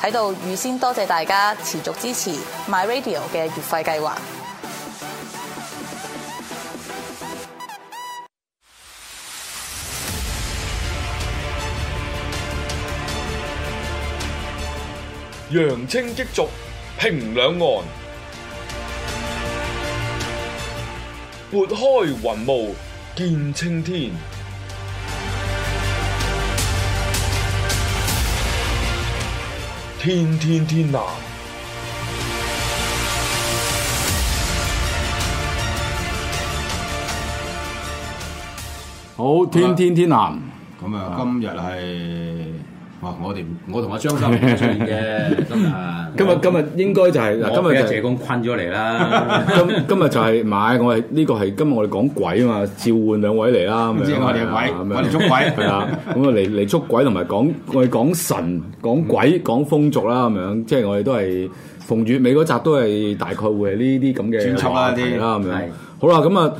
喺度預先多謝大家持續支持 My Radio 嘅月費計劃。揚清激濁，平兩岸，撥開雲霧見青天。天天天藍，好，天天天藍、嗯，咁啊，今日係。哇！我哋我同阿張生出現嘅，今日今日應該就係、是、嗱，今日嘅謝公困咗嚟啦。今今日就係買我哋呢個係今日我哋講鬼啊嘛，召喚兩位嚟啦。唔知 我哋嘅鬼，是是我哋捉鬼係啦。咁啊嚟嚟捉鬼同埋講我哋講神、講鬼、講風俗啦咁樣，即係我哋都係逢月尾嗰集都係大概會係呢啲咁嘅主題啦咁樣。是是是好啦，咁啊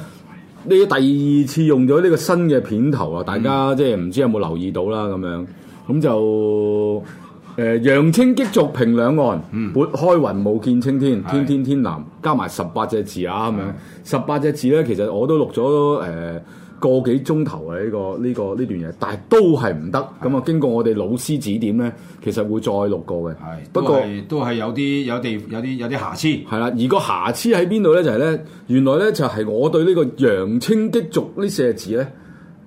呢啲第二次用咗呢個新嘅片頭啊，大家即係唔知有冇留意到啦咁樣。咁就誒，揚、呃、清激濁平兩岸，撥、嗯、開雲霧見青天，的天天天藍，加埋十八隻字的啊，咁樣十八隻字咧，其實我都錄咗誒個幾鐘頭嘅呢個呢、這個呢段嘢，但係都係唔得。咁啊的，經過我哋老師指點咧，其實會再錄過嘅。係，不過都係有啲有啲有啲有啲瑕疵。係啦，而個瑕疵喺邊度咧？就係、是、咧，原來咧就係我對個陽個呢個揚清激濁呢四隻字咧。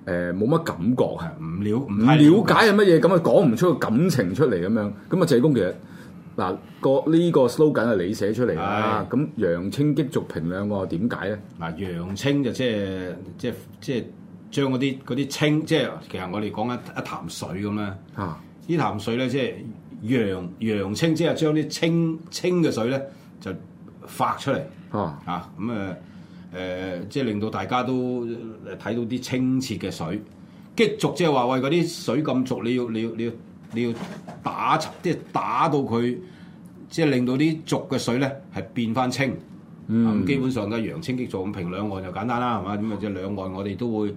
誒冇乜感覺係唔了，唔瞭解係乜嘢。咁啊講唔出個感情出嚟咁樣。咁啊謝公其實嗱個呢個 slogan 係你寫出嚟啦，咁揚清激濁平兩個點解咧？嗱，揚清、啊、就即係即係即係將嗰啲嗰啲清，即係、就是、其實我哋講緊一潭水咁啦，呢、啊、潭水咧即係揚揚清，即、就、係、是、將啲清清嘅水咧就發出嚟、啊，啊咁誒。嗯嗯嗯嗯嗯嗯嗯誒、呃、即係令到大家都睇到啲清澈嘅水，激濁即係話喂嗰啲水咁濁，你要你要你要你要打即係打到佢，即係令到啲濁嘅水咧係變翻清。咁、嗯嗯、基本上都係揚清激濁咁平兩岸就簡單啦，係嘛？咁啊即係兩岸我哋都會誒、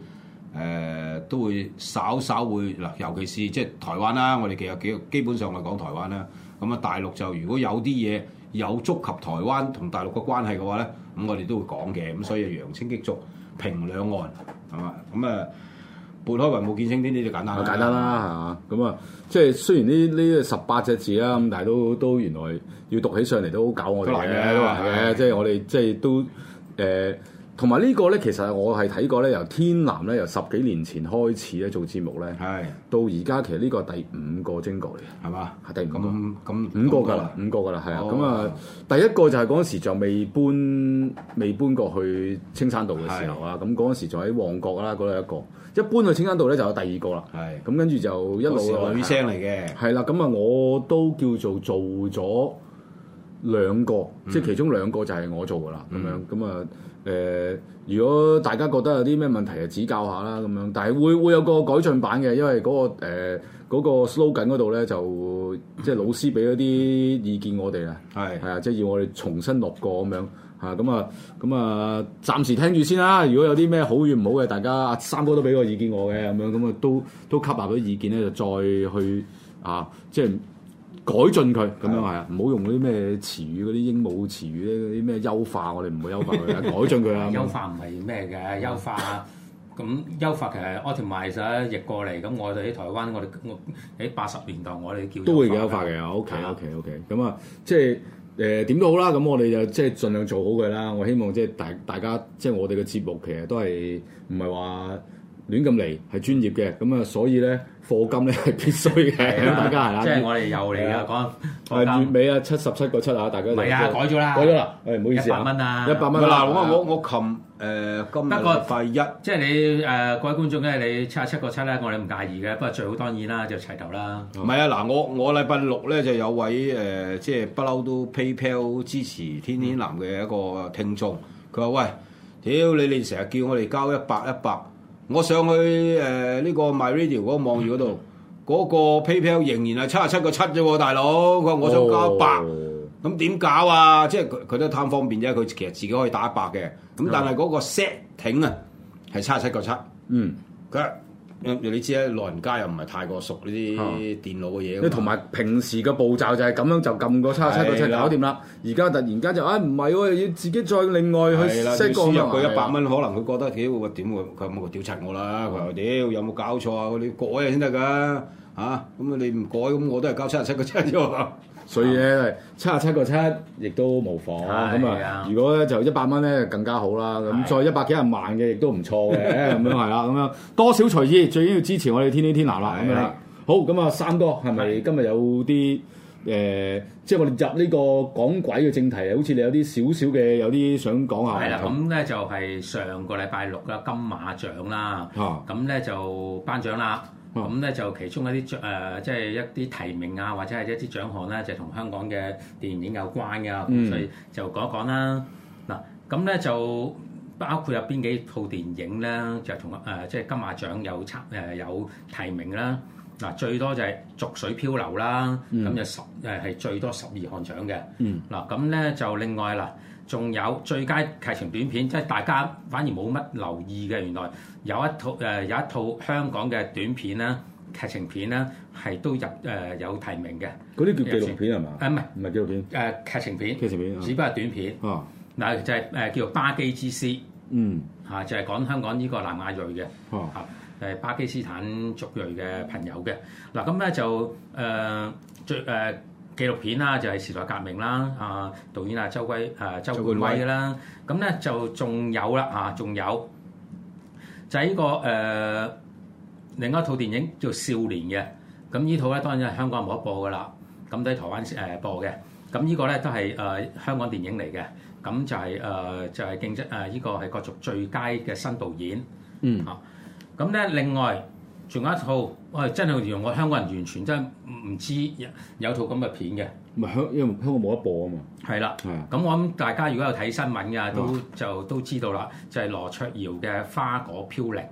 呃、都會稍稍會嗱，尤其是即係台灣啦，我哋其實基基本上咪講台灣啦。咁啊大陸就如果有啲嘢，有觸及台灣同大陸嘅關係嘅話咧，咁我哋都會講嘅，咁所以揚清激俗，平兩岸，係嘛？咁啊，撥開雲霧見青天呢啲就簡單啦，簡單啦，係嘛？咁啊，即係雖然呢呢十八隻字啦，咁、嗯、但係都都原來要讀起上嚟都好搞我哋嘅。都嚟嘅，都嚟嘅，即係我哋即係都誒。同埋呢個咧，其實我係睇過咧，由天南咧，由十幾年前開始咧做節目咧，是的 到而家其實呢個第五個精角嚟嘅，係嘛？第五個，咁五個㗎啦，嗎五個㗎啦，係啊。咁啊、哦嗯，第一個就係嗰陣時就未搬，未搬過去青山道嘅時候啊。咁嗰陣時就喺旺角啦，嗰度一個。一搬去青山道咧，就有第二個啦。係。咁跟住就一路女聲嚟嘅。係啦。咁啊，我都叫做做咗。兩個，即係其中兩個就係我做㗎啦，咁、嗯、樣咁啊誒！如果大家覺得有啲咩問題啊指教下啦，咁樣，但係會會有個改進版嘅，因為嗰、嗰個誒嗰、呃嗰個 slogan 嗰度咧，就即係老師俾咗啲意見我哋啊，係係啊，即係要我哋重新落過咁樣嚇，咁啊咁啊，暫時聽住先啦。如果有啲咩好與唔好嘅，大家三哥都俾個意見我嘅，咁樣咁啊，都都吸納啲意見咧，就再去啊，即係。改進佢咁樣係啊，唔好的用啲咩詞語，嗰啲英語詞語咧，嗰啲咩優化，我哋唔會優化佢， 改進佢啊。 優化唔係咩嘅優化，咁 優化其實 Optimize 譯過嚟，咁我哋喺台灣，我哋喺八十年代我，我哋叫都會優化嘅，OK OK OK，咁、okay. 啊，即係誒點都好啦，咁、呃、我哋就即係盡量做好佢啦。我希望即係大大家即係我哋嘅節目，其實都係唔係話，亂咁嚟係專業嘅，咁啊，所以咧課金咧係必須嘅，大家係啦。即係我哋遊嚟噶講。誒月尾啊，七十七個七啊，大家唔係啊，改咗啦，改咗啦，誒唔好意思一百蚊啊，一百蚊嗱，我我琴誒今個第一，即係你誒各位觀眾咧，你七十七個七咧，我哋唔介意嘅，不過最好當然啦，就齊頭啦。唔係啊，嗱我我禮拜六咧就有位誒，即係不嬲都 PayPal 支持天天藍嘅一個聽眾，佢話喂，屌你哋成日叫我哋交一百一百。我上去誒呢、呃這個 MyRadio 嗰個網頁嗰度，嗰、嗯、個 PayPal 仍然係七啊七個七啫喎，大佬。佢話我想交一百，咁點搞啊？即係佢佢都貪方便啫，佢其實自己可以打一百嘅。咁但係嗰個 setting 啊，係七啊七個七。嗯，佢。你知啦，老人家又唔係太過熟呢啲電腦嘅嘢，同埋平時嘅步驟就係咁樣就撳個七十七個七，搞掂啦。而家了突然間就唉，唔係要自己再另外去 set 過入佢一百蚊，的可能佢覺得屌，會我點我佢有冇屌柒我啦？佢話屌有冇搞錯啊？你要改先得㗎吓？咁你唔改，咁我都係交七十七個七啫。所以咧七啊七個七亦都無妨咁啊！的如果咧就一百蚊咧更加好啦，咁的再一百幾廿萬嘅亦都唔錯嘅，咁樣係啦，咁樣的 多少隨意，最緊要支持我哋天天天藍啦咁樣。的的好咁啊，三哥係咪今日有啲誒的、呃？即係我哋入呢個講鬼嘅正題好似你有啲少少嘅有啲想講下。係啦，咁咧就係上個禮拜六啦，金馬獎啦，咁咧、啊、就頒獎啦。咁咧就其中一啲獎、呃、即係一啲提名啊，或者係一啲獎項咧，就同、是、香港嘅電影有關嘅，咁所以就講一講啦。嗱、嗯，咁咧就包括有邊幾套電影咧，就同誒、呃、即係金馬獎有參誒、呃、有提名啦。嗱，最多就係、是《濁水漂流》啦，咁、嗯、就十誒係最多十二項獎嘅。嗱、嗯，咁咧就另外嗱。仲有最佳劇情短片，即係大家反而冇乜留意嘅。原來有一套誒、呃，有一套香港嘅短片啦、劇情片啦，係都入誒有提名嘅。嗰啲叫紀錄片係嘛？啊，唔係唔係紀錄片。誒劇情片。劇情片、啊。劇情片呃、片只不過係短片。哦 Yeah.、uh, 就是。嗱，就係誒叫做巴基之坦，巴基之詩。嗯。嚇，就係講香港呢個南亞裔嘅。哦。嚇，誒巴基斯坦族裔嘅朋友嘅。嗱，咁咧就誒最誒。哎紀錄片啦，就係時代革命啦，啊導演啊周威，啊周冠威啦，咁咧就仲有啦嚇，仲有就係呢個誒另一套電影叫少年嘅，咁呢套咧當然係香港冇得播噶啦，咁都喺台灣誒播嘅，咁呢個咧都係誒香港電影嚟嘅，咁就係誒就係競爭誒呢個係角逐最佳嘅新導演，嗯嚇，咁咧另外。仲有一套，我、哎、係真係讓我香港人完全真唔知有套咁嘅片嘅。唔係香，因為香港冇得播啊嘛。係啦的，係咁的我諗大家如果有睇新聞嘅，嗯、都就都知道啦，就係、是、羅卓瑤嘅《花果飄零》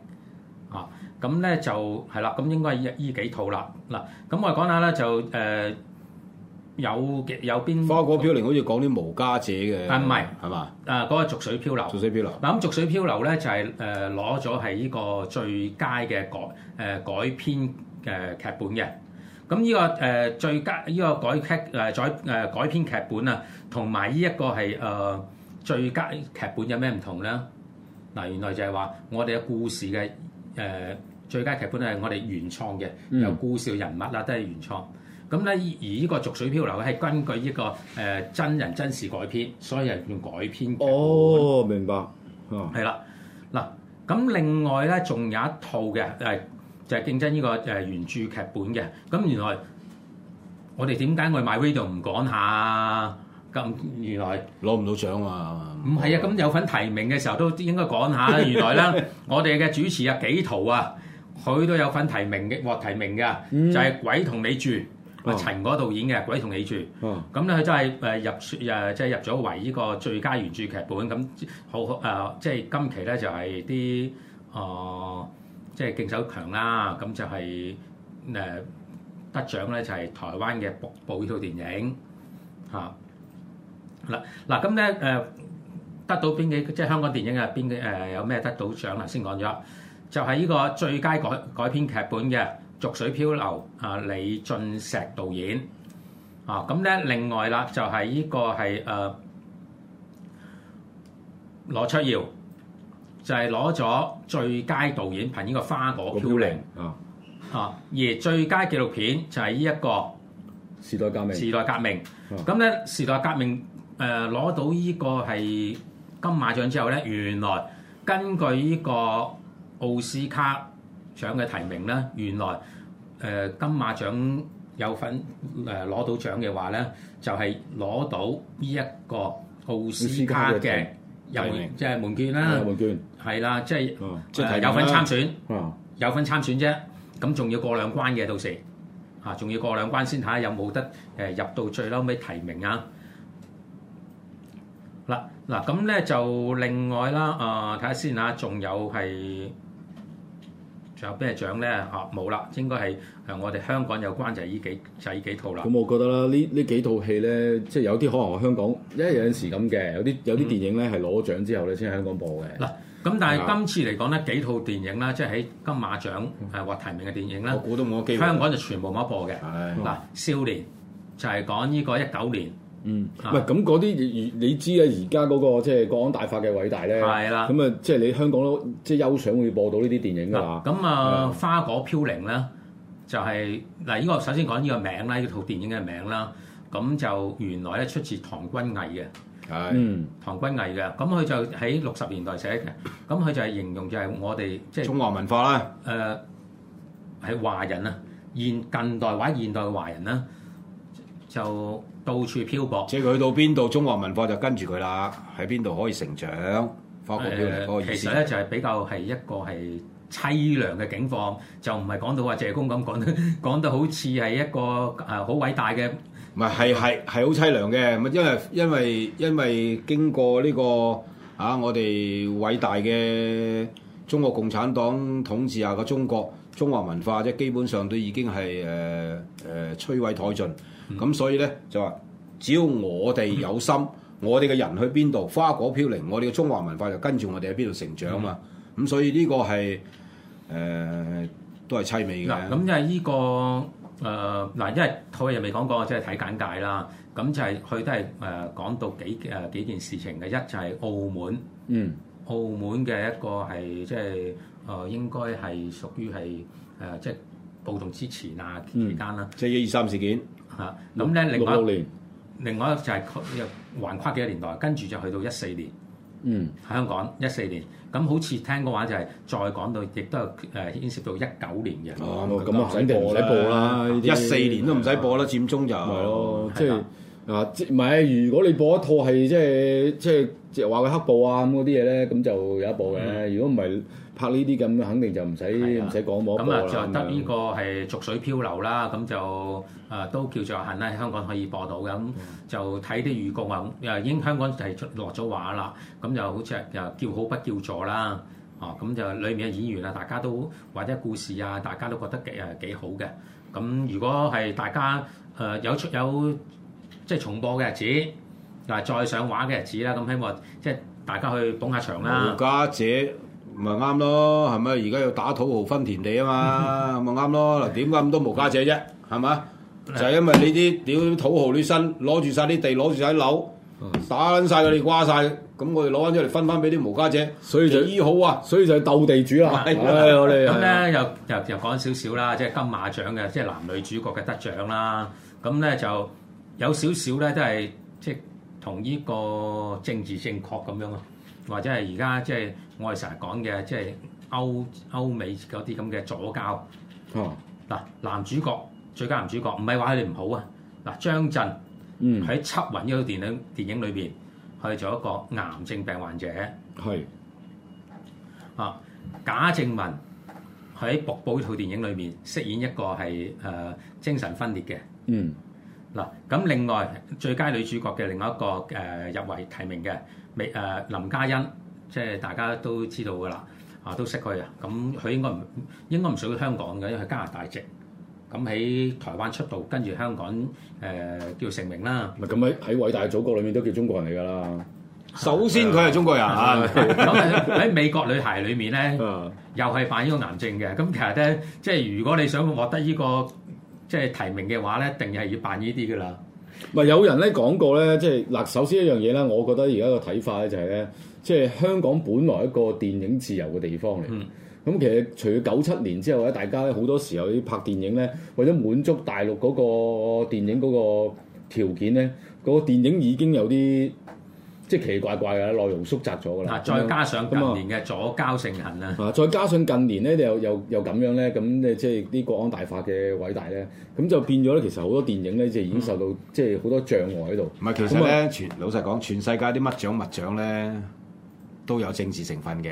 啊。咁咧就係啦，咁應該係依依幾套啦。嗱、啊，咁我哋講下咧就誒。呃有嘅有邊？花果飄零好似講啲無家者嘅，但唔係，係嘛、啊？誒嗰個、啊那個逐水漂流，逐水漂流。嗱咁、嗯那個、逐水漂流咧就係誒攞咗係呢個最佳嘅改誒、呃、改編嘅劇本嘅。咁呢、這個誒、呃、最佳呢個改劇誒改誒改編劇本啊，同埋呢一個係誒、呃、最佳劇本有咩唔同咧？嗱、呃、原來就係話我哋嘅故事嘅誒、呃、最佳劇本係我哋原創嘅，有故事人物啊都係原創。嗯咁咧，而呢個，這個《濁水漂流》咧係根據依個誒真人真事改編，所以係用改編劇本。哦，明白，啊、哦，係啦，嗱咁另外咧，仲有一套嘅係就係、是、競爭呢、這個誒、呃、原著劇本嘅。咁原來我哋點解去 MyRadio 唔講下咁？原來攞唔到獎啊！唔係啊，咁有份提名嘅時候都應該講下。哦、原來啦， 我哋嘅主持阿幾圖啊，佢都有份提名嘅，獲提名嘅、嗯、就係《鬼同你住》。話陳果導演嘅《鬼同你住》嗯，咁咧佢真係誒入誒即係入咗圍呢個最佳原著劇本咁好誒，即、呃、係、就是、今期咧就係啲誒即係競手強啦、啊，咁就係、是、誒、呃、得獎咧就係台灣嘅部部呢套電影嚇。嗱嗱咁咧誒得到邊幾即係、就是、香港電影啊邊嘅誒有咩得到獎啊先講咗，就係、是、呢個最佳改改編劇本嘅。濁水漂流啊，李駿碩導演啊，咁咧另外啦就係呢個係誒、啊、羅卓瑤就係攞咗最佳導演憑呢、這個花果飄零啊啊，而最佳紀錄片就係呢一個時代革命，時代革命咁咧、啊、時代革命誒攞、啊、到呢個係金馬獎之後咧，原來根據呢個奧斯卡獎嘅提名咧，原來誒金馬獎有份誒攞到獎嘅話咧，就係、是、攞到呢一個奧斯卡嘅入，入即係門券啦，係啦，就是嗯、即係有份參選，嗯、有份參選啫，咁仲要過兩關嘅到時吓，仲要過兩關先睇下有冇得誒入到最嬲尾提名啊！嗱、啊、嗱，咁咧就另外啦，啊睇下先啊，仲有係。仲有咩獎咧？嚇、啊，冇啦，應該係誒我哋香港有關就係呢幾就係、是、依幾套啦。咁我覺得啦，呢呢幾套戲咧，即係有啲可能喺香港，因為有陣時咁嘅，有啲有啲電影咧係攞獎之後咧先喺香港播嘅。嗱、嗯，咁但係今次嚟講咧，吧幾套電影啦，即係喺金馬獎係獲、嗯、提名嘅電影咧，我估都香港就全部冇得播嘅。嗱唉，嗯、少年就係、是、講呢個一九年。嗯，唔係咁嗰啲，你知啊、那個？而家嗰個即係國安大法嘅偉大咧，係啦的。咁啊，即、就、係、是、你香港都即係休想會播到呢啲電影㗎嘛？咁、嗯、啊，嗯《花果飄零》咧，就係、是、嗱，依個首先講呢個名啦，呢、這、套、個、電影嘅名啦。咁就原來咧出自唐君毅嘅，的嗯，唐君毅嘅。咁佢就喺六十年代寫嘅。咁佢就係形容就係我哋即係中國文化啦。誒、呃，係華人啊，現近代或者現代嘅華人啦，就。到處漂泊，即係佢去到邊度，中國文化就跟住佢啦，喺邊度可以成長，發光飄亮嗰個意思。其實咧就係比較係一個係凄涼嘅境況，就唔係講到話謝公咁講，講到好似係一個誒好偉大嘅。唔係係係係好凄涼嘅，因為因為因為經過呢個啊，我哋偉大嘅中國共產黨統治下嘅中國，中華文化即基本上都已經係誒誒摧毀殆盡。咁所以咧就話，只要我哋有心，嗯、我哋嘅人去邊度，花果飄零，我哋嘅中華文化就跟住我哋喺邊度成長啊嘛！咁、嗯、所以呢個係誒、呃、都係悽美嘅。咁就係呢、呢個誒嗱、呃，因為套戲又未講過，即係睇簡介啦。咁就係佢都係誒講到幾誒、呃、幾件事情嘅，一就係澳門，嗯，澳門嘅一個係即係誒應該係屬於係誒即係暴動之前啊期間啦，即係一二三事件。嚇！咁咧，另外另外就係又橫跨幾多年代，跟住就去到一四年。嗯，喺香港一四年，咁好似聽個話就係再講到，亦都係誒牽涉到一九年嘅。咁啊，肯定唔使播啦！一四年都唔使播啦，佔中就咪咯，即係啊，唔係如果你播一套係即係即係即係話佢黑暴啊咁嗰啲嘢咧，咁就有一部嘅。如果唔係，拍呢啲咁肯定就唔使唔使講播，咁啊，就得呢個係逐水漂流啦，咁就誒、呃、都叫做行啦。香港可以播到嘅，咁就睇啲預告話，因為已經香港就係出落咗畫啦。咁就好似又叫好不叫座啦。哦，咁就裏面嘅演員啊，大家都或者故事啊，大家都覺得幾誒幾好嘅。咁如果係大家誒、呃、有出有即係重播嘅日子，嗱再上畫嘅日子啦，咁希望即係大家去捧下場啦。《家姐》咪啱咯，係咪？而家要打土豪分田地啊嘛，咁咪啱咯。嗱，點解咁多無家姐啫？係嘛、嗯？就係、是、因為你啲屌土豪啲身攞住晒啲地，攞住曬啲樓，打撚曬佢哋瓜晒，咁我哋攞翻出嚟分翻俾啲無家姐。所以就醫好啊！所以就鬥地主啊！咁咧、嗯嗯嗯、又又又講少少啦，即係金馬獎嘅，即係男女主角嘅得獎啦。咁咧就有少少咧，都係即係同呢個政治正確咁樣啊。或者係而家即係我哋成日講嘅，即係歐歐美嗰啲咁嘅左膠。哦，嗱，男主角最佳男主角唔係話佢哋唔好啊。嗱張震喺《緝、嗯、魂》呢套電影電影裏邊係做一個癌症病患者。係是。啊，賈靜雯喺《瀑布》套電影裏面飾演一個係誒、呃、精神分裂嘅。嗯。嗱咁、嗯、另外最佳女主角嘅另外一個誒入圍提名嘅。未誒，林嘉欣即係大家都知道㗎啦，啊都識佢啊，咁佢應該唔應該唔屬於香港嘅，因為佢加拿大籍。咁喺台灣出道，跟住香港誒、呃、叫成名啦。唔咁喺喺偉大祖國裏面都叫中國人嚟㗎啦。首先佢係中國人啊！咁喺 美國女孩裏面咧， 又係扮呢個癌症嘅。咁其實咧，即係如果你想獲得呢、呢個即係提名嘅話咧，定係要扮呢啲㗎啦。有人咧講過咧，即係嗱，首先一樣嘢咧，我覺得而家個睇法咧就係咧，即係香港本來一個電影自由嘅地方嚟。咁其實除咗九七年之後咧，大家咧好多時候拍電影咧，為咗滿足大陸嗰個電影嗰個條件咧，嗰個電影已經有啲。即奇怪怪嘅內容縮窄咗㗎啦，再加上近年嘅左膠盛行啦，再加上近年咧又又又咁樣咧，咁即係啲國安大法嘅偉大咧，咁就變咗咧。其實好多電影咧，即係已經受到即係好多障礙喺度。唔係其實咧，全老實講，全世界啲乜獎物獎咧，都有政治成分嘅，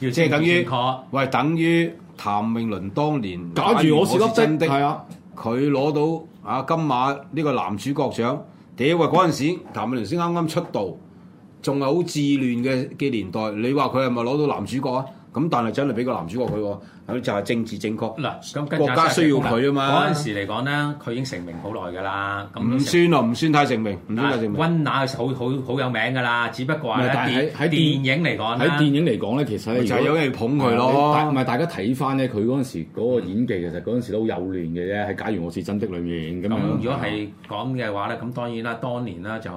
要即係等於喂，等於譚詠麟當年。假如我是真的。係啊，佢攞到啊金馬呢個男主角獎。你以為嗰陣時，譚詠麟先啱啱出道，仲係好自戀嘅嘅年代，你話佢係咪攞到男主角啊？咁但係真係俾個男主角佢喎，咁就係政治正確，嗱，國家需要佢啊嘛。嗰陣時嚟講咧，佢已經成名好耐㗎啦。咁唔算啊，唔算太成名，唔算太成名。温拿係好好好有名㗎啦，只不過咧，電喺電影嚟講，喺電影嚟講咧，其實就有人捧佢咯。但係大家睇翻咧，佢嗰陣時嗰個演技其實嗰陣時都好有料嘅啫。喺《假如我是真的》裏面咁樣、嗯。如果係講嘅話咧，咁當然啦，當年啦就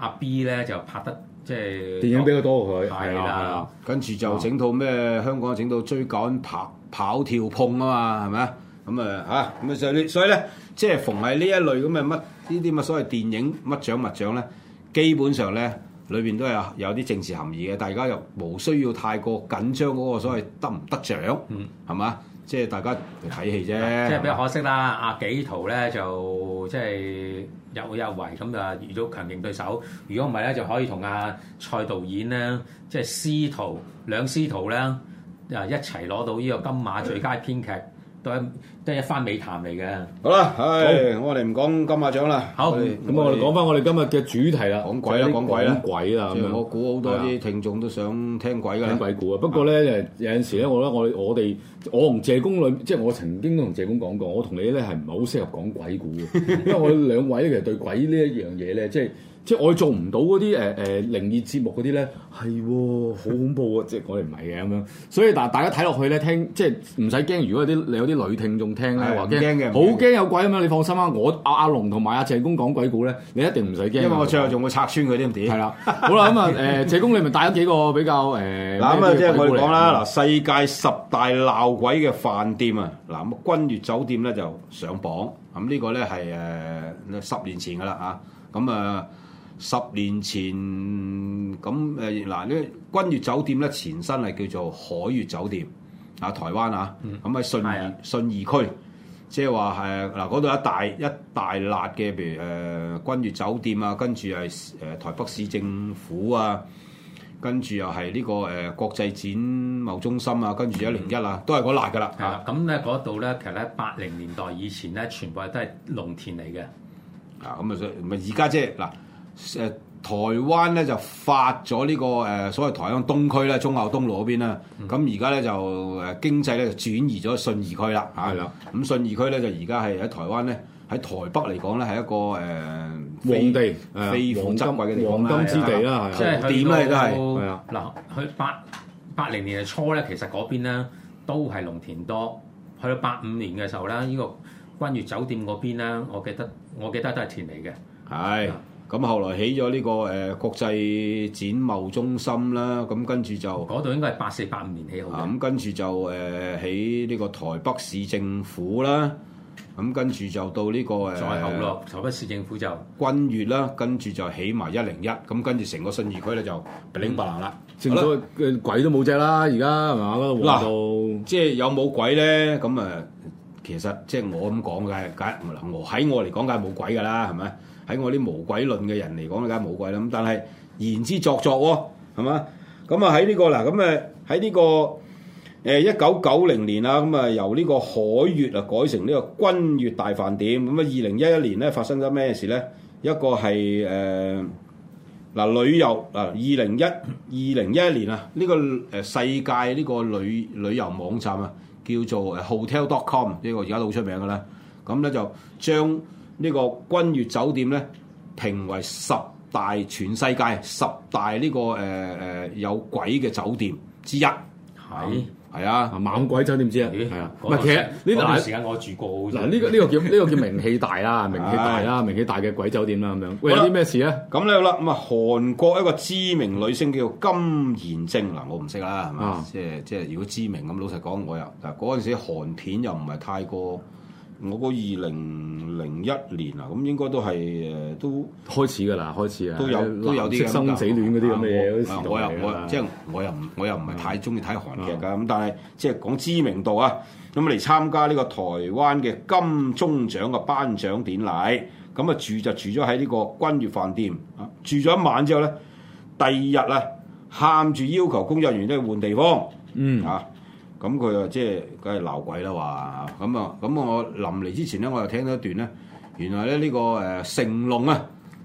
阿 B 咧就拍得。即係電影比較多佢，係啦，跟住就整套咩香港整套追趕跑跑跳碰啊嘛，係咪啊？咁啊嚇咁啊，所以所以咧，即係逢係呢一類咁嘅乜呢啲乜所謂電影乜獎乜獎咧，基本上咧裏邊都有有啲政治含義嘅，大家又冇需要太過緊張嗰個所謂得唔得獎，嗯，係嘛？即係大家睇戲啫，嗯、吧即係比較可惜啦。阿、啊、紀導咧就即係入冇入圍，咁就遇到強勁對手。如果唔係咧，就可以同阿、啊、蔡導演咧，即係師徒兩師徒咧，啊一齊攞到呢個金馬最佳編劇。都係都係一番美談嚟嘅。好啦，唉，好我哋唔講金馬獎啦。好，咁我哋講翻我哋今日嘅主題啦。鬼啊、講鬼啦，講鬼啦。鬼啦樣，我估好多啲聽眾都想聽鬼嘅。聽鬼故啊，不過咧，有陣時咧，我覺得我我哋我同謝公裏，即係我曾經都同謝公講過，我同你咧係唔係好適合講鬼故？ 因為我哋兩位其實對鬼呢一樣嘢咧，即係。即係我做唔到嗰啲誒誒靈異節目嗰啲咧，係喎、啊嗯、好恐怖啊！即係我哋唔係嘅咁樣，所以嗱大家睇落去咧，聽即係唔使驚。如果有啲你有啲女聽眾聽咧，話唔驚嘅，怕好驚有鬼咁樣，嗯、你放心啦，我阿阿龍同埋阿謝公講鬼故咧，你一定唔使驚，因為我最後仲會拆穿佢啲咁嘅。係啦，好啦咁啊誒，謝公，你咪帶咗幾個比較嗱，咁、呃、啊，即係我哋講啦嗱，世界十大鬧鬼嘅飯店啊，嗱咁君悦酒店咧就上榜。咁呢個咧係誒十年前㗎啦啊，咁啊。啊十年前咁誒嗱呢君悦酒店咧前身係叫做海悦酒店啊，台灣啊，咁喺信義信義區，即係話誒嗱嗰度一大一大辣嘅，譬如誒君悦酒店啊，跟住係誒台北市政府啊，跟住又係呢、這個誒、呃、國際展貿中心啊，跟住一零一啊，嗯、都係嗰辣㗎啦。啊，咁咧嗰度咧其實喺八零年代以前咧，全部係都係農田嚟嘅。啊、嗯，咁、嗯、啊，所以唔係而家即係嗱。誒台灣咧就發咗呢、這個誒、呃、所謂台灣東區咧，忠孝東路嗰邊啦。咁而家咧就誒經濟咧就轉移咗信義區啦。係啦的，咁信義區咧就而家係喺台灣咧，喺台北嚟講咧係一個誒旺地非富則貴誒黃金黃金之地啦，係點咧都係啊！嗱的，去八八零年嘅初咧，其實嗰邊咧都係農田多。去到八五年嘅時候啦，呢、這個君悦酒店嗰邊咧，我記得我記得都係田嚟嘅。係。咁後來起咗呢個誒、呃、國際展貿中心啦，咁、啊、跟住就嗰度應該係八四八五年起好嘅，咁、嗯、跟住就誒喺呢個台北市政府啦，咁、啊、跟住就到呢、這個誒、呃、在後咯，台北市政府就君悦啦、啊，跟住就起埋一零一，咁跟住成個信義區咧就零八啦，成個鬼都冇隻啦，而家係嘛度旺到，即係有冇鬼咧？咁啊，其實即係我咁講嘅，梗係我喺我嚟講梗係冇鬼噶啦，係咪？喺我啲無鬼論嘅人嚟講，咧梗係無鬼啦。咁但係言之鑿鑿、喔，作作喎，係嘛、這個？咁啊喺呢個嗱，咁誒喺呢個誒一九九零年啦，咁啊由呢個海悅啊改成呢個君悦大飯店。咁啊二零一一年咧發生咗咩事咧？一個係誒嗱旅遊啊，二零一二零一一年啊，呢、這個誒世界呢個旅旅遊網站啊，叫做 Hotel.com，呢個而家都好出名㗎啦。咁咧就將呢個君悦酒店咧評為十大全世界十大呢個誒誒有鬼嘅酒店之一，係係啊猛鬼酒店知啊，係啊，唔係其實呢段時間我住過，嗱呢個呢個叫呢個叫名氣大啦，名氣大啦，名氣大嘅鬼酒店啦咁樣。喂，有啲咩事啊？咁咧啦，咁啊韓國一個知名女星叫做金賢正啦，我唔識啦，係嘛？即係即係如果知名咁，老實講我又嗱嗰陣時韓片又唔係太過。我個二零零一年啊，咁應該都係誒都開始㗎啦，開始啊，都有都有啲生死戀嗰啲咁，我又 我即係我又唔我又唔係太中意睇韓劇㗎。咁、嗯、但係即係講知名度啊，咁嚟參加呢個台灣嘅金鐘獎嘅頒獎典禮，咁啊住就住咗喺呢個君悦飯店啊，住咗一晚之後咧，第二日啊，喊住要求工作人員都要換地方，嗯啊。咁佢啊，即係梗係鬧鬼啦！話咁啊，咁我臨嚟之前咧，我又聽到一段咧。原來咧，呢、這個誒成龍啊，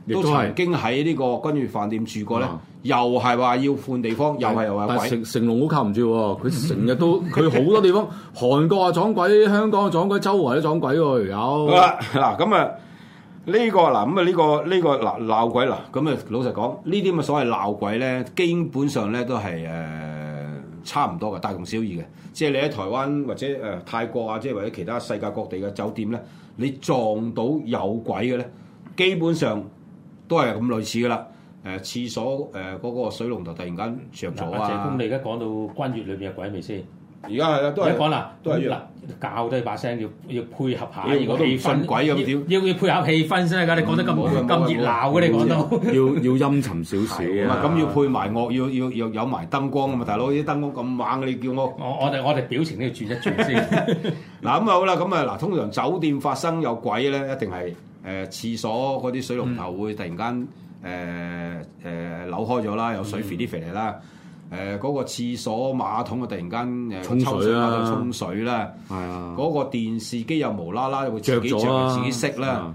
都，都曾經喺呢個君悦飯店住過咧，嗯、又係話要換地方，又係又話鬼。但係成成龍好靠唔住喎，佢成日都佢好、嗯、多地方， 韓國啊撞鬼，香港撞鬼，周圍都撞鬼喎，有。好啦，嗱咁啊，呢、這個嗱咁啊，呢、這個呢、這個鬧鬧鬼啦。咁啊，老實講，呢啲咁嘅所謂鬧鬼咧，基本上咧都係誒。差唔多噶，大同小異嘅。即係你喺台灣或者誒、呃、泰國啊，即係或者其他世界各地嘅酒店咧，你撞到有鬼嘅咧，基本上都係咁類似噶啦。誒、呃，廁所誒嗰、呃那個水龍頭突然間著咗啊！阿咁你而家講到君悅裏邊嘅鬼未先？而家係啦，都係講啦，嗱，教都要把聲，要要配合下如果氣氛，要要配合下氣氛先得噶。你講得咁咁熱鬧嘅，你講都要要陰沉少少啊。咁要配埋樂，要要有埋燈光啊嘛，大佬啲燈光咁猛，你叫我我我哋我哋表情都要轉一轉先。嗱咁啊好啦，咁啊嗱，通常酒店發生有鬼咧，一定係誒廁所嗰啲水龍頭會突然間誒誒扭開咗啦，有水飛啲肥嚟啦。誒嗰個廁所馬桶啊，突然間誒沖水啦，沖水啦！係啊，嗰個電視機又無啦啦，會著咗自己熄啦。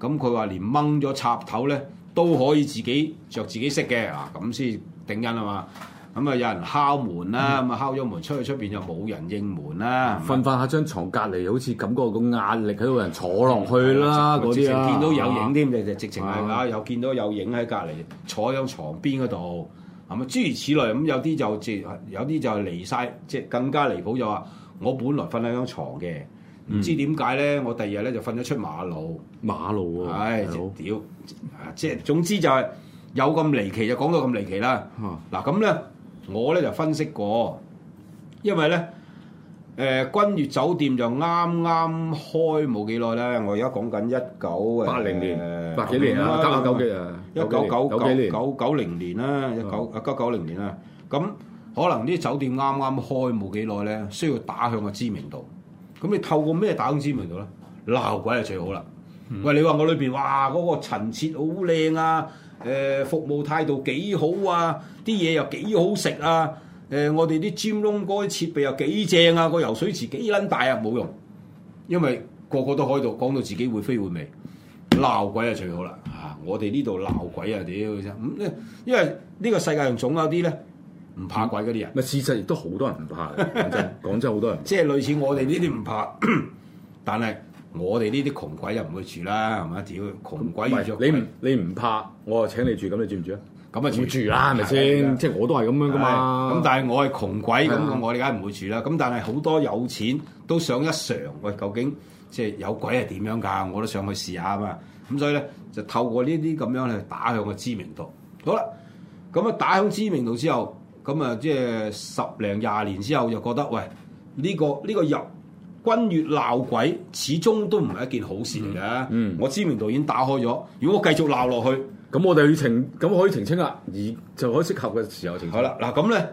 咁佢話連掹咗插頭咧，都可以自己着自己熄嘅。嗱，咁先頂癮啦嘛。咁啊，有人敲門啦，咁啊敲咗門出去出邊又冇人應門啦。瞓瞓下張床隔離，好似感覺個壓力喺度人坐落去啦，嗰啲啊，見到有影添，你哋直情係啊，又見到有影喺隔離坐喺張床邊嗰度。咁諸如此類咁，有啲就即有啲就離晒，即係更加離譜就話，我本來瞓喺張床嘅，唔知點解咧，我第二日咧就瞓咗出馬路，嗯、馬路唉，係，屌，即係總之就係、係、有咁離奇就講到咁離奇啦。嗱、嗯，咁咧我咧就分析過，因為咧。誒、呃、君悅酒店就啱啱開冇幾耐咧，我而家講緊一九八零年八幾、呃、年啊，嗯嗯、九幾、嗯、九啊，一九九九九九零年啦，一九啊，九九零年啦。咁可能啲酒店啱啱開冇幾耐咧，需要打響個知名度。咁你透過咩打響知名度咧？鬧鬼就最好啦。嗯、喂，你話我裏邊哇，嗰、那個陳設好靚啊，誒、呃、服務，務態度幾好啊，啲嘢又幾好食啊！誒、呃，我哋啲尖窿嗰啲設備又幾正啊！個游水池幾撚大啊！冇用，因為個個都可以到，講到自己會飛會飛，鬧鬼就最好啦嚇、啊！我哋呢度鬧鬼啊，屌真因為呢個世界上總有啲咧唔怕鬼嗰啲人。咪、嗯、事實亦都好多人唔怕，講真，廣州好多人。即係 類似我哋呢啲唔怕，咳咳但係我哋呢啲窮鬼又唔會住啦，係嘛？屌窮鬼，鬼、嗯，你唔你唔怕，我請你住，咁你住唔住啊？咁啊，會住啦，係咪先？對即係我都係咁樣噶嘛。咁但係我係窮鬼，咁的我哋梗係唔會住啦。咁但係好多有錢都想一嘗，喂，究竟即係有鬼係點樣㗎？我都想去試下嘛。咁所以咧，就透過呢啲咁樣去打響個知名度。好啦，咁啊，打響知名度之後，咁啊，即係十零廿年之後，就覺得喂，呢、呢個呢、呢個入君悅鬧鬼，始終都唔係一件好事嚟嘅、嗯。嗯，我知名度已經打開咗，如果我繼續鬧落去。咁我哋要停，咁可以澄清啦，而就可以適合嘅時候澄清。好啦，嗱咁咧，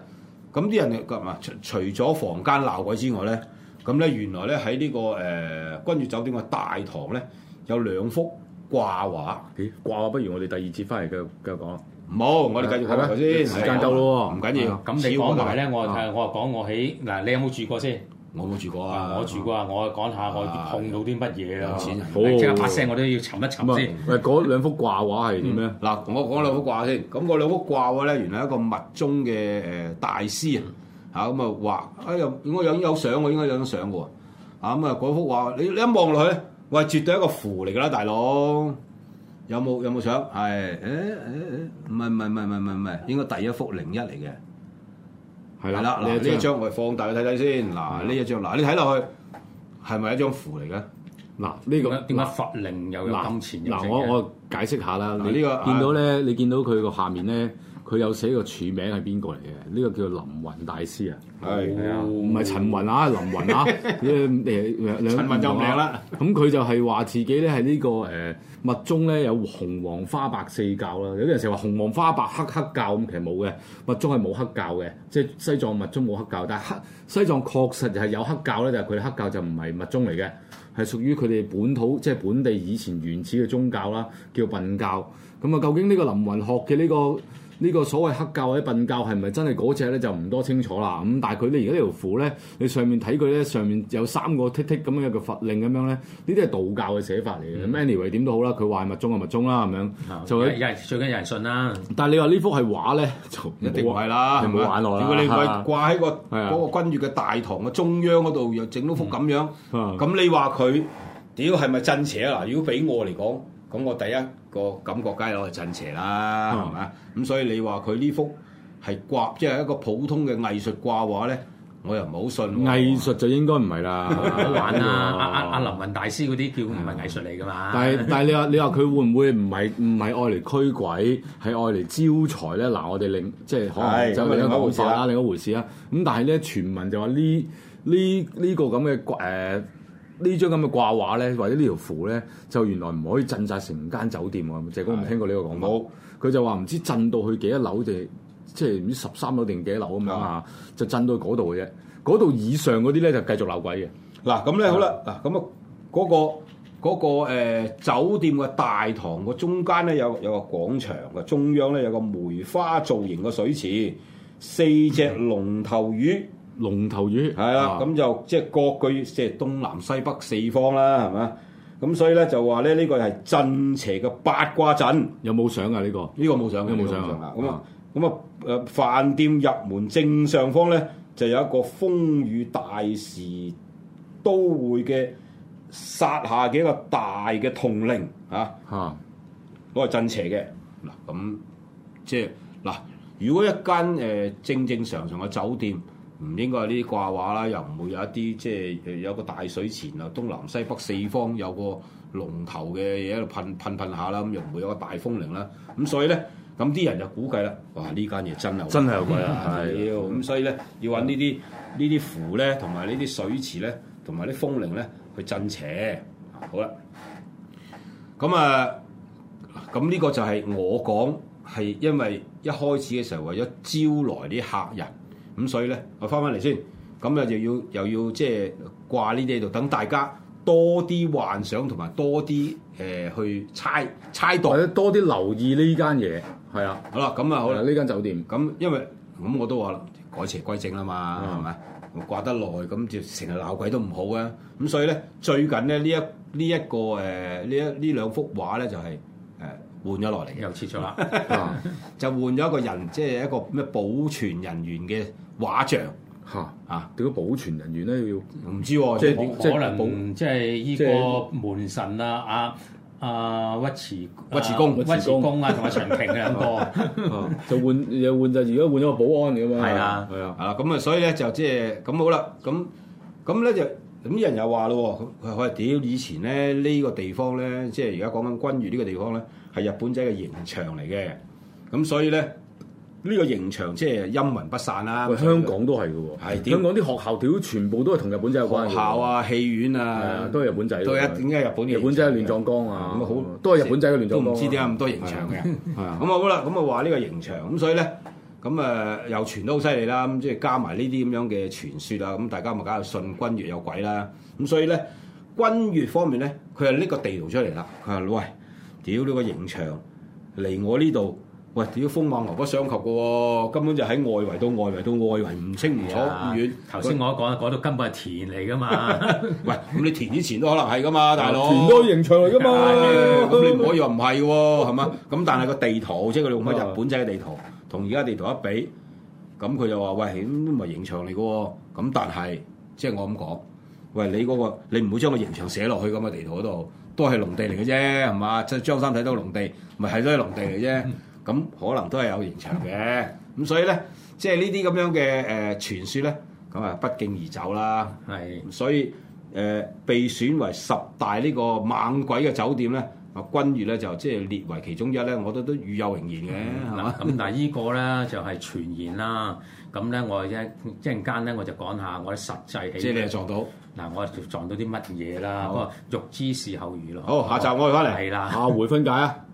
咁啲人啊，除除咗房間鬧鬼之外咧，咁咧原來咧喺呢、這個誒、呃、君悅酒店嘅大堂咧，有兩幅掛畫。咦、欸，掛畫不如我哋第二次翻嚟繼續繼續講，唔好，我哋繼續睇咩先？時間到咯，唔緊要。咁吧你講埋咧，我說說我話講我喺嗱，啊、你有冇住過先？我冇住過啊！我住過啊！我講下我碰到啲乜嘢啊！有錢人，即刻把聲，我都要沉一沉先。喂，嗰兩幅掛畫係點咧？嗱，同我講兩幅掛先。咁嗰兩幅掛畫咧，原來一個密宗嘅誒大師啊！吓，咁啊話，哎呀，應該有有相我應該有相喎。吓咁啊，嗰幅畫你你一望落去，喂，絕對係一個符嚟噶啦，大佬。有冇有冇相？係，誒誒誒，唔係唔係唔係唔係唔係，應該第一幅零一嚟嘅。係啦，嗱呢一張我哋放大去睇睇先，嗱呢一張嗱你睇落去係咪一張符嚟嘅？嗱呢、啊呢個點解法令又有金錢入？嗱、啊啊、我我解釋下啦，你呢個見到咧，你見到佢個下面咧。佢有寫個署名係邊個嚟嘅？呢、這個叫林雲大師啊，係係啊，唔係陳雲啊，林雲啊， 兩陳雲就名啦、啊。咁佢 就係話自己咧係呢個誒密宗咧有紅黃花白四教啦。有啲人成話紅黃花白黑黑教咁，其實冇嘅密宗係冇黑教嘅，即係西藏密宗冇黑教。但係黑西藏確實就係有黑教咧，就係佢哋黑教就唔係密宗嚟嘅，係屬於佢哋本土即係、就是、本地以前原始嘅宗教啦，叫苯教。咁啊，究竟呢個林雲學嘅呢、這個？呢個所謂黑教或者笨教係咪真係嗰隻咧就唔多清楚啦咁，但係佢咧而家條符咧，你上面睇佢咧上面有三個剔剔咁樣一個法令咁樣咧，呢啲係道教嘅寫法嚟嘅。m、嗯、anyway 點都好啦，佢話係密宗就密宗啦咁吧樣，就係又係最緊要人信啦。但係你話呢幅係畫咧，就一定唔係啦，你唔好玩落啦。如果你唔係掛喺個嗰個君悅嘅大堂嘅中央嗰度，又整到幅咁樣，咁你話佢屌係咪真邪啊？如果俾我嚟講。咁我第一個感覺，梗係攞嚟鎮邪啦，係嘛？咁所以你話佢呢幅係掛，即係一個普通嘅藝術掛畫咧，我又唔好信。藝術就應該唔係啦，好玩啦！阿阿阿林文大師嗰啲叫唔係藝術嚟㗎嘛。但係但係你話你話佢會唔會唔係唔係愛嚟驅鬼，係愛嚟招財咧？嗱，我哋另即係可能就另一回事啦，另一回事啦。咁但係咧，傳聞就話呢呢呢個咁嘅誒。啊啊呢張咁嘅掛畫咧，或者呢條符咧，就原來唔可以震曬成間酒店喎。謝哥有冇聽過呢個講法？冇好，佢就話唔知震到去幾多樓，就即係唔知十三樓定幾多樓咁樣嚇，的就震到嗰度嘅啫。嗰度的以上嗰啲咧就繼續鬧鬼嘅。嗱，咁咧好啦，嗱的，咁啊，嗰、嗰個嗰、嗰個嗰個呃、酒店嘅大堂嘅中間咧有有個廣場嘅中央咧，有個梅花造型嘅水池，四隻龍頭魚。龍頭魚係啦，咁了、嗯、就即係各具即係東南西北四方啦，係嘛？咁所以咧就話咧呢個係震邪嘅八卦陣。有冇相啊？呢、這個呢、這個冇相，呢冇相啊。咁啊，咁啊，誒，飯店入門正上方咧就有一個風雨大時都會嘅殺下嘅一個大嘅銅鈴啊。吓、嗯，我係震邪嘅嗱，咁、嗯嗯、即係嗱，如果一間誒正正常常嘅酒店。唔應該係呢啲掛畫啦，又唔會有一啲即係有個大水池啊，東南西北四方有個龍頭嘅嘢喺度噴噴噴下啦，咁又唔會有個大風鈴啦。咁所以咧，咁啲人就估計啦，哇！呢間嘢真係真係好貴啊，係。咁所以咧，要揾呢啲呢啲符咧，同埋呢啲水池咧，同埋啲風鈴咧去震邪。好啦，咁啊，咁呢個就係我講係因為一開始嘅時候為咗招來啲客人。咁所以咧，我翻翻嚟先，咁啊就要又要即係掛呢啲喺度，等大家多啲幻想同埋多啲誒、呃、去猜猜度，多啲留意呢間嘢。係啊，好啦，咁啊好啦，呢間酒店，咁因為咁我都話啦，改邪歸正啦嘛，係咪？我掛得耐咁就成日鬧鬼都唔好啊。咁所以咧，最近咧呢一呢一,一個誒呢、呃、一呢兩幅畫咧就係、是。換咗落嚟又撤咗啦，就換咗一個人，即、就、係、是、一個咩保全人員嘅畫像嚇啊？點解保全人員咧要唔知、啊？即係即可能即係依個門神啊，阿阿尉遲尉遲恭、尉遲、啊、公，公啊，同埋秦瓊兩個， 就換又換就而家換咗個保安咁啊？係啊，係啊，係啦，咁啊，所以咧就即係咁好啦，咁咁咧就。就嗯咁啲人又話咯，佢話屌以前咧呢個地方咧，即係而家講緊君悅呢個地方咧，係日本仔嘅刑場嚟嘅。咁所以咧呢個刑場即係陰魂不散啦。喂以香港都係嘅喎，的香港啲學校屌全部都係同日本仔有關。學校啊，戲院啊，都係日本仔。都係點解日本？日本仔亂葬崗啊，咁都係日本仔嘅亂葬崗、啊。是都唔知點解咁多刑場嘅。咁啊好啦，咁啊話呢個刑場，咁所以咧。咁誒又傳得好犀利啦，咁即係加埋呢啲咁樣嘅傳說啊，咁大家咪梗係信君越有鬼啦。咁所以咧，君越方面咧，佢係呢個地圖出嚟啦。佢話：喂，屌呢個刑場離我呢度，喂，屌風馬牛不相及嘅喎，根本就喺外圍到外圍到外圍唔清唔楚唔、啊、遠。頭先我一講，講到根本係田嚟噶嘛。喂，咁你田之前都可能係噶嘛，大佬田都係刑場嚟噶嘛。咁你唔可以話唔係喎，係嘛？咁但係個地圖即係佢用乜日本仔嘅地圖。 同而家地圖一比，咁佢就話：喂，咁都唔係刑場嚟嘅喎。咁但係，即係我咁講，喂，你嗰、那個你唔會將個刑場寫落去咁嘅地圖嗰度，都係農地嚟嘅啫，係嘛？即係張三睇到農地，咪係都係農地嚟啫。咁可能都係有刑場嘅。咁所以咧，即係、呃、呢啲咁樣嘅誒傳説咧，咁啊不脛而走啦。係的，所以誒、呃、被選為十大呢個猛鬼嘅酒店咧。君閥咧就即係列為其中一咧，我覺得都與有榮焉嘅，係咁、嗯吧嗯、但係呢個咧就係傳言啦。咁咧我一陣間咧我就講下我實際起，即係你撞到嗱，我就撞到啲乜嘢啦？嗰個欲知後事如何咯。好，下集我哋翻嚟係啦，下回分解啊！